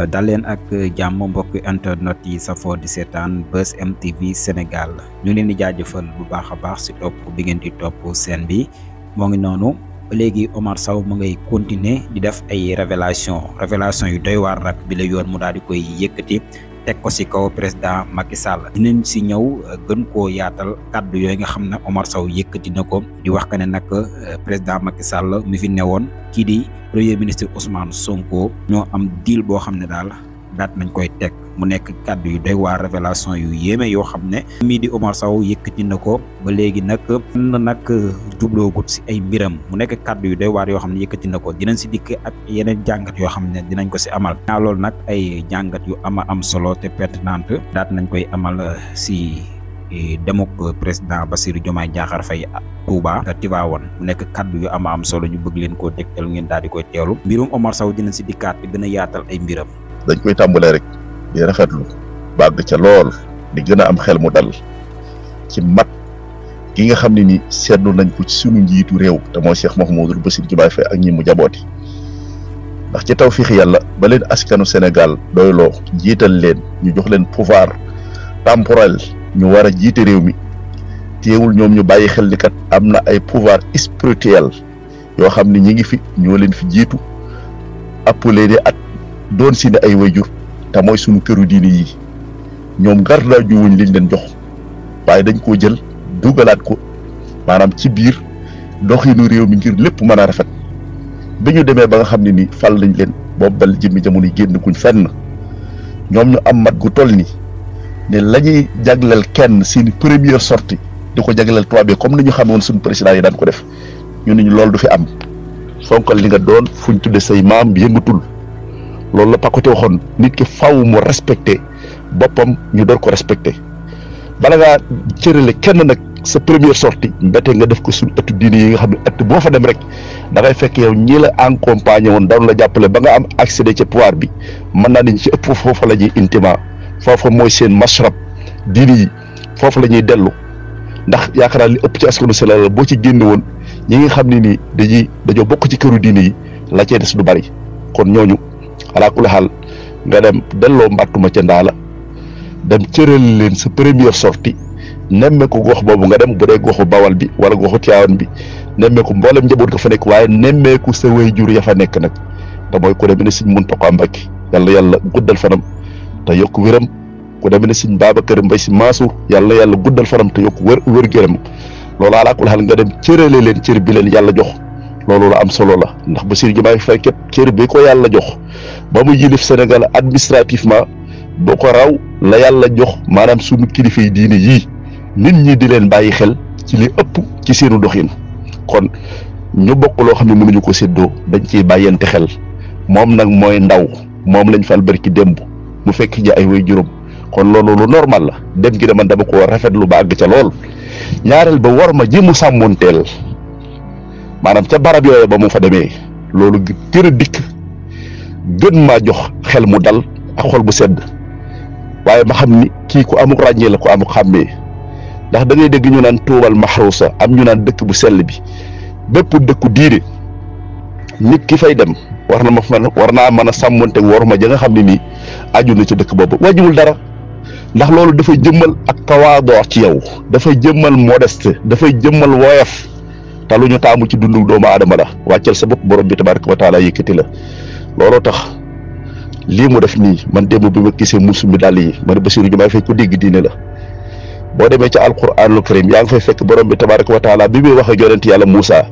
Euh, dal leen ak jàmm mbokk internet yi safoo di seetaan Buzz M Sénégal ñu leen di jaajëfal bu baax a baax si topp bi ngeen di topp seen bi moo ngi noonu léegi Omar saw mu ngay continuer di def ay révélation révélation yu doy waar nag bi la yoon mu daal di koy yëkkati tek ko ci kaw président Macky Sall dinañ ci ñew euh, gën ko yaatal kaddu yoy nga Omar Sow yëkëti nako di wax kané nak euh, président Macky Sall mi fi néwon ki di premier ministre Ousmane Sonko ñoo am deal bo xam dal daal daat nañ koy tek mu nekk kàddu yu doy waar révélation yu yéeme yoo xam ne mii di Omar Sow yëkkati na ko ba léegi nag na nag jubloogut si ay mbiram mu nekk kàddu yu doy waar yoo xam ne yëkkati na ko dinañ si dikk ak yeneen jàngat yoo xam ne dinañ ko si amal naa loolu nag ay jàngat yu ama am solo te pertinente daat nañ koy amal eh, si eh, demuk président ba Bassirou Diomaye Diakhar Faye ah, Touba Tivaouane mu nekk kaddu yu ama am solo ñu bëgg leen ko tegtal ngeen daal di koy teelu mbirum Omar Sow dina si dikkaat bi yaatal ay dañ koy tàmbalee rek di ya, rafetlu ba ca lool di gën a am xel mu dal ci mat gi nga xam ne ni seetlu nañ ko ci sunu njiitu réew te mooy cheikh mahmoudul basir jubaay fay ak ñi mu jabooti ndax ci tawfiix yàlla ba leen askanu sénégal doyloo jiital leen ñu jox leen pouvoir temporel ñu war a jiite réew mi teewul ñoom ñu bàyyi xel ni kat am na ay pouvoir spirituel yoo xam ne ñi ngi fi ñoo leen fi jiitu appelé at doon si ne ay wayjur te mooy sunu këru diine yi ñoom gar laa juwuñ liñ leen jox waaye dañ koo jël dugalaat ko maanaam ci biir doxinu réew mi ngir lépp mën a rafet bi ñu demee ba nga xam ne ni fal lañ leen boobu dal jëmmi jamono yi génn kuñ fenn ñoom ñu am mat gu toll ni lañuy la ñuy jagleel kenn seen première sorti di ko jagleel toit bi comme ni ñu xamoon suñu président yi daan ko def ñu ne ñu loolu du fi am fonkal li nga doon fuñ tudde say maam yëngatul loolu la Pacoté waxoon nit ki fawu mu respecté boppam ñu door ko respecté bala ngaa cërale kenn nag sa première sortie mbete nga def ko suñu ëttu diine yi nga xam ne ëtt boo fa dem rek da ngay ñii la accompagner woon doon la jàppale ba nga am accédé ci bi mën naa ni ci ëpp foofa la ñuy intima foofa mooy seen mashrab diine yi foofu la ñuy dellu ndax yaakaar li ëpp ci askanu Sénégal boo ci génne woon ñi nga xam ne nii dañuy dañoo bokk ci këru diine yi la cee des du bari kon ñooñu. alaa kulli xaal nga dem delloo mbàttuma ca ndaala dem cëral leen sa première sortie nemmeeku gox boobu nga dem bu dee goxu bawal bi wala goxu Tiwaawan bi nemmeeku mboolem njaboot ga fa nekk waaye nemmeeku sa waajur ya fa nekk nag te mooy ku demee ne Sëñ Muntaxa Mbàkke yàlla yàlla guddal fanam te yokk wéram ku demee ne Sëñ Babacar Mbay Si Mansour yàlla yàlla guddal fanam te yokk wér wér-géram loolu alaa kulli xaal nga dem cërale leen cër bi leen yàlla jox. loolu am solo la ndax Bassirou djibay Faye képp cër bi ko yalla jox ba mu yilif senegal administrativement du ko raw la yalla jox manam sunu kilife yi diine yi nit ñi di len bayyi xel ci li upp ci seenu doxin kon ñu bokk lo xamni mënu ñu ko seddo dañ ci bayyante xel mom nak moy ndaw mom lañ fal barki demb mu fekk ji ay way jurum kon loolu lu normal la dem gi dama dama ko rafet lu àgg ci lool ñaaral ba war ji mu maanaam ca barab yooyu ba mu fa demee loolu gën a dikk gën maa jox xel mu dal ak xol bu sedd waaye ma xam ni kii ku amuk ràññee la ku amuk xàmmee ndax da dégg ñu naan tuubal maxruusa am ñu naan dëkk bu sell bi bépp dëkku diine nit ki fay dem war na ma fa war naa mën a sàmmonte waruma ja nga xam ne nii aju na ci dëkk boobu wàññiwul dara ndax loolu dafay jëmmal ak tawaadoo ci yow dafay jëmmal modeste dafay jëmmal woyaf te lu ñu taamu ci dundu dooma adama la waccel sa bop borom bi tabaraku wa taala yekati la lolo tax li mu def ni man démb bi ma gisee musu mi dàll yi man basiru jumaa fay ko deg diine la bo deme ci lu karim yaa ngi fay fekk borom bi tabaraku wa taala bi bi wax ak yonent yàlla Moussa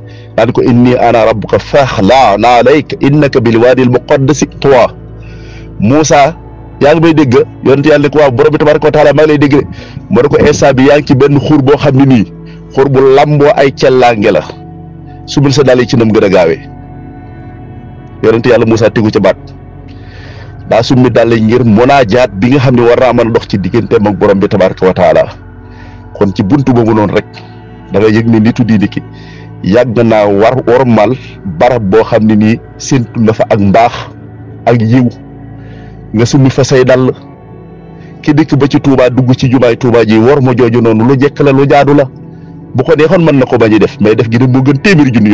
ko inni ana rabbuka faxla na alayka innaka bil wadi al muqaddasi tuwa musa yaa ngi may yonent yalla ko borom bi tabaraku wa taala ma lay deg mo ko bi ci ben bo xamni ni xor bu lambo ay cellaange la su bul sa dalé ci ndum gëna gaawé gaawee yalla musa tigu ci ca ba daa summi dalé ngir munaajaat bi nga xamni war dox ci digënté mak borom bi wa taala kon ci buntu boobu noonu rek da nga yegni nitu di ki yag na war wormal barab boo xam ne nii séntu na fa ak mbax ak yiw nga summi fa say dal ki dik ba ci Touba dugg ci jumaay Touba ji war mo joju nonu lu jekk la lu jaadu la. bu ko neexoon mën na ko bañ a def mais def gi nag moo gën téeméeri junni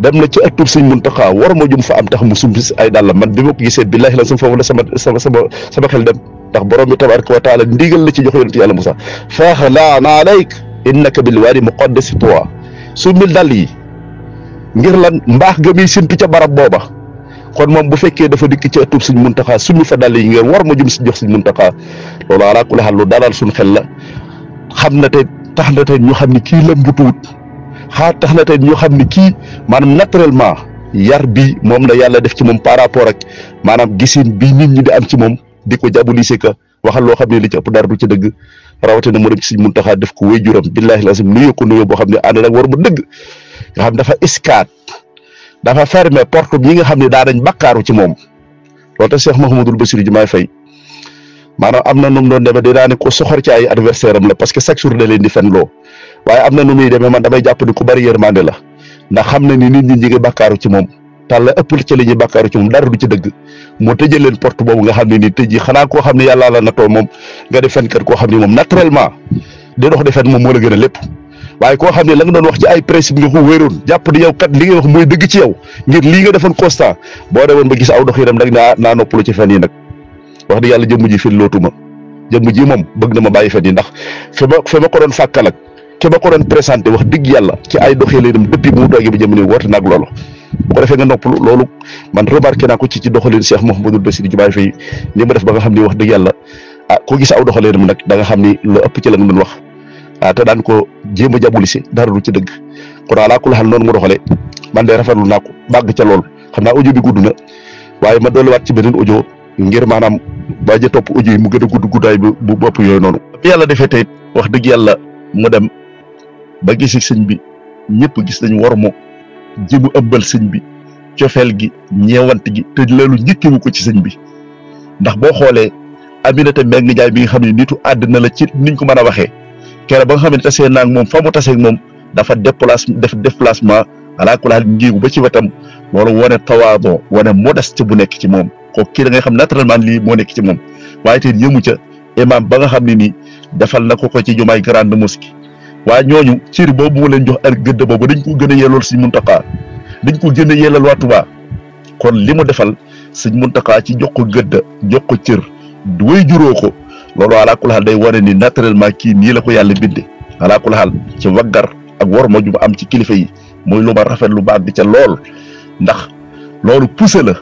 dem na ci ëttub sëñ Muntaxa war ma jum fa am tax mu sumb ay dàllam man ma ko gisee billaahi la sum foofu la sama sama sama sama xel dem ndax borom bi tabaraka wa taala ndigal la ci jox yonent yàlla Musaa faxlaana alayk innaka bil waadi muqaddasi tuwa summil yi ngir lan mbaax ga muy sintu ca barab booba kon moom bu fekkee dafa dikk ci ëttub sëñ Muntaxa summi fa dàll yi ngir war ma jum si jox sëñ Muntaxa loolu alaa kulli haal lu dalal suñ xel la xam na te tax na tey ñu xam ne kii la bu tuut xaar tax na ñu xam ne kii maanaam naturellement yar bi moom la yàlla def ci moom par rapport ak maanaam gisin bi nit ñi di am ci moom di ko jàbulise ka waxal loo xam ne li ci ëpp dara du ci dëgg rawatina na dem ci Sëriñ Muntaxa def ko wéyjuram billaahi lasim nuyoo ko nuyoo boo xam ne ànd nag war mu dëgg nga xam dafa iskaat dafa fermer porte ñi nga xam ne daa dañ bakkaaru ci moom loolu tax Cheikh Mouhamadul Bassirou Diomaye Faye maanaam am na nu mu doon demee dinaa ne ko soxor ci ay adversaire am la parce que chaque jour da leen di fen loo waaye am na nu muy demee man damay jàpp ni ku bari yërmande la ndax xam na ni nit ñi ñu ngi bàkkaaru ci moom tal la ci li ñuy ci moom dara du ci dëgg moo tëjee leen porte boobu nga xam ne nii tëj yi xanaa koo xam ne yàllaa la natoo moom nga di fenkat koo xam ne moom naturellement di dox di fen moom moo la gën a lépp waaye koo xam ne la nga doon wax ci ay principe nga ko wéeroon jàpp ni wax mooy ci yow ngir lii nga defoon constat boo demoon ba gis aw dox yi dem nag naa yi nag wax dëgg yàlla jëmm ji fit lootuma jëmm ji moom bëgg na ma bàyyi fen yi ndax fi ma ko doon fàkkal ak ki ma ko doon présenté wax dëgg yàlla ci ay doxalinam depuis mu toogee ba jëm nii woote naag loolu bu ko defee nga noppalu loolu man remarqué ko ci ci doxalin Cheikh Mouhamadou Bassirou Diomaye Faye ni ma def ba nga wax dëgg yàlla ah ko gis aw doxalinam nag da nga xam ni ëpp la nga wax ah te ko jéem a jàbbuli si dara du ci dëgg kon alaa kulli xaal noonu mu doxalee man de rafetlu naa ko bàgg ca lool xam naa audio bi gudd na waaye ma dolliwaat ci beneen audio ngir maanaam ba ja topp uji mu gën a gudd guddaay bu bopp yooyu noonu. bi yàlla defee tey wax dëgg yàlla mu dem ba gisi sëñ bi ñëpp gis nañ war mu ji mu ëmbal sëñ bi cofeel gi ñeewant gi te loolu njëkkewu ko ci sëñ bi ndax boo xoolee Aminata Mbengue Ndiaye bi nga xam ne nitu àddina la ci niñ ko mën a waxee keroog ba nga xam ne tasee naag moom fa mu taseeg moom dafa déplace def déplacement alaakulaal njiigu ba ci wetam loolu wane tawaadoo wane modeste bu nekk ci moom. ko kii da ngay xam naturellement lii moo nekk ci moom waaye teen yëmu ca imam ba nga xam ne nii defal na ko ko ci jumaay grande mosquée waaye ñooñu cër boobu mu leen jox ak er gëdd boobu dañ ko gën a yelool Sëñ Muntaxa dañ ko gën a waatu waa kon li mu defal Sëñ Muntaxa ci jox ko gëdd ko cër du way juróo ko loolu alaa kulli xaal day wane ni naturellement kii nii la ko yàlla bindee alaa kulli xaal ci waggar ak war ma ju am ci kilifa yi mooy lu ma rafet lu baax di ca lool ndax loolu poussé la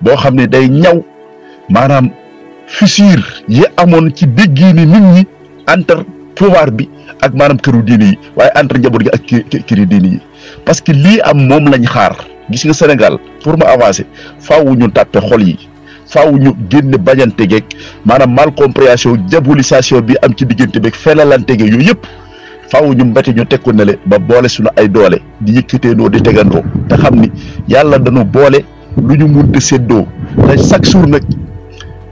boo xam ne day ñaw maanaam fissure yi amoon ci déggini nit ñi entre pouvoir bi ak maanaam këru diini yi waaye entre njaboot gi ak këru diini yi parce que lii am moom lañ xaar gis nga Sénégal pour mu avancer faaw ñu tàppe xol yi faw ñu génn bañante geek maanaam mal compréhension diabolisation bi am ci diggante beeg felalante geeg yooyu yëpp faaw ñu mbete ñu teg ko le ba boole suñu ay doole di yëkkateenoo di tegandoo te xam ni yàlla dañu boole. luñu munte seddo tay chaque jour nak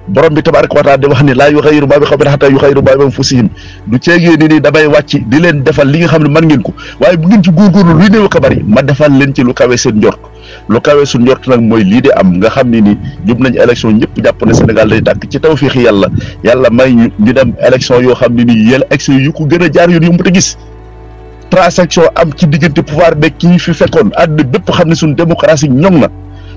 borom bi tabarak wa ta'ala wax ni la yughayyiru ma bi qawmin hatta yughayyiru ma bi anfusihim du ciege ni ni damay wacc di len defal li nga xamni man ngeen ko waye bu ngeen ci gor luy neew ko yi ma defal len ci lu kawé seen ndort lu kawé su ndort nak moy li di am nga xamni ni jub nañ election ñepp japp na senegal day tak ci tawfiq yalla yalla may ñu dem election yo xamni ni yel élection yu ko gëna jaar yu mu ta gis transaction am ci digënté pouvoir be ki fi fekkon ad bepp xamni sun démocratie ñong na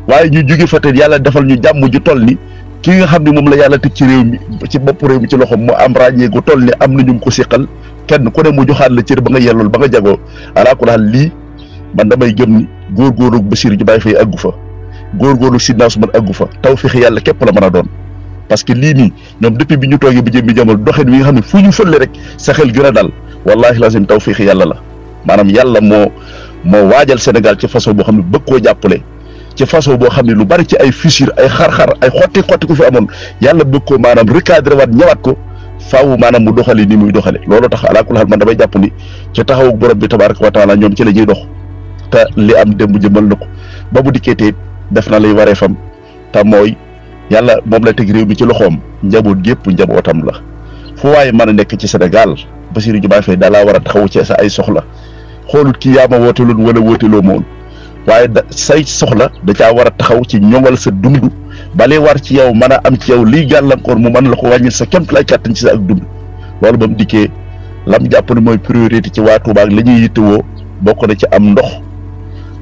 waaye ñu jóge fa te yàlla defal ñu jàmm ju toll ni ki nga xam ne moom la yàlla teg ci réew mi ci bopp réew mi ci loxoom mu am ràññee gu toll ni am na ñu ko siqal kenn ku ne mu joxaat la cër ba nga yellool ba nga jagoo laal lii man damay jëm góor gëm ni góorgóorlu Bassirou Diomaye Faye àggu fa góor góorgóorlu Sidna Ousmane àggu fa tawfeex yàlla képp la mën a doon parce que lii nii ñoom depuis bi ñu toogee bi jëm bi jamono doxin wi nga xam ne fu ñu fële rek sa xel gën a dal wallaahi lazim tawfeex yàlla la maanaam yàlla moo moo waajal Sénégal ci façon boo xam ne bëgg koo jàppale ci façon bo xamni lu bari ci ay fissure ay xar-xar ay xoti xoti ku fi amon yalla bëgg ko manam recadrer wat ñëwaat ko faawu manam mu doxali ni muy doxale loolu tax kul hal man damay japp ni ci taxaw borom bi tabaraka wa taala ñom ci lañuy dox ta li am démb jëmal nako ba bu dikkee def na lay waré fam ta moy yalla mom la tegg rew bi ci loxom njabot gep njabotam la fu way man nekk ci senegal basiru Diomaye Faye da la wara taxaw ci sa ay soxla xolut ki wala waaye da say soxla da caa war a taxaw ci ñoŋal sa dund balee war ci yow mën a am ci yow liy gàllankoor mu man la ko wàññil sa kéem lay kàttan ci sa ak dund loolu ba mu dikkee lam jàpp ne mooy priorité ci waa Touba la ñuy yittewoo bokk na ci am ndox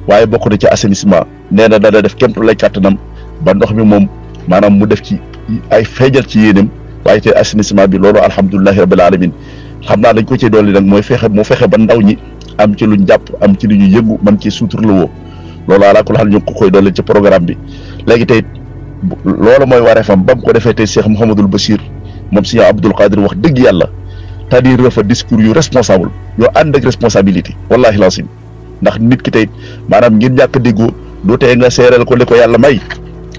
waaye bokk na ci assainissement nee dana def kéem lay kàttanam ba ndox mi moom maanaam mu def ci ay feejal ci yéenam waaye te assainissement bi loolu alhamdulilahi rabbil alamin xam naa dañ ko ci dolli nag mooy fexe mu fexe ba ndaw ñi am ci lu jàpp am ci lu ñu yëngu man ci suuturlawoo loolu ala ko xam ñu ngi ko koy dolli ci programme bi léegi tey loolu mooy wareefam ba mu ko defee tey Cheikh Mouhamadul Bachir moom si Sëñ Abdul Qadir wax dëgg yàlla c'est-à-dire dafa discours yu responsable yoo ànd ak responsabilité wallaahi laasim ndax nit ki tey maanaam ngir ñàkk a du tey nga seeral ko li ko yàlla may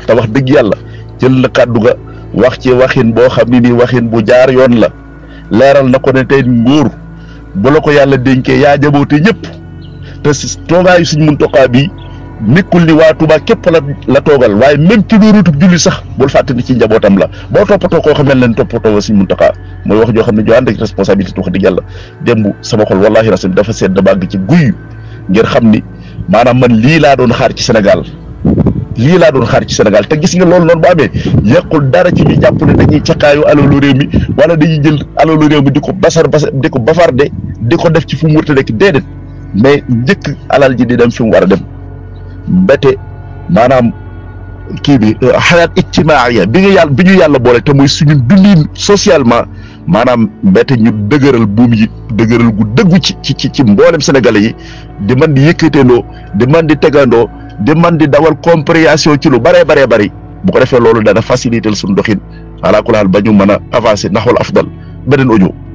te wax dëgg yàlla jël na kàddu ga wax ci waxin boo xam ne nii waxin bu jaar yoon la leeral na ko ne tey nguur bu la ko yàlla dénkee yaa jaboote ñëpp te si nekkul ni waa Touba képp la la toogal waaye même ci dóorutub julli sax bul fàtte ci njabootam la boo toppatoo koo xam ne leen toppatoo wa Sëñ Muntaxa mooy wax joo xam ne joo ànd ak responsabilité wax dëgg yàlla démb sama xol wallaahi rasul dafa sedd bàgg ci guy ngir xam ni maanaam man lii laa doon xaar ci senegal lii laa doon xaar ci Sénégal te gis nga loolu noonu bu amee yàqul dara ci ñu jàpp ne dañuy caqaayu alalu réew mi wala dañuy jël alalu réew mi di ko basar basar di ko bafarde di ko def ci fu mu wërta nekk déedéet mais njëkk alal ji di dem fi war a dem bete maanaam kii bi xayaat euh, ijtimaaria bi ñu yàlla bi ñu yàlla boole te muy suñu dundin socialement maanaam mbete ñu dëgërël buum yi dëgërël gu dëggu ci ci ci mboolem sénégalais yi di man di yëkkateendoo di man di tegandoo di man di dawal compréhension ci lu baree baree bari bu ko defee loolu dana faciliter suñu doxin alaakulaal ba ñu mën a avancer naxul afdal beneen audio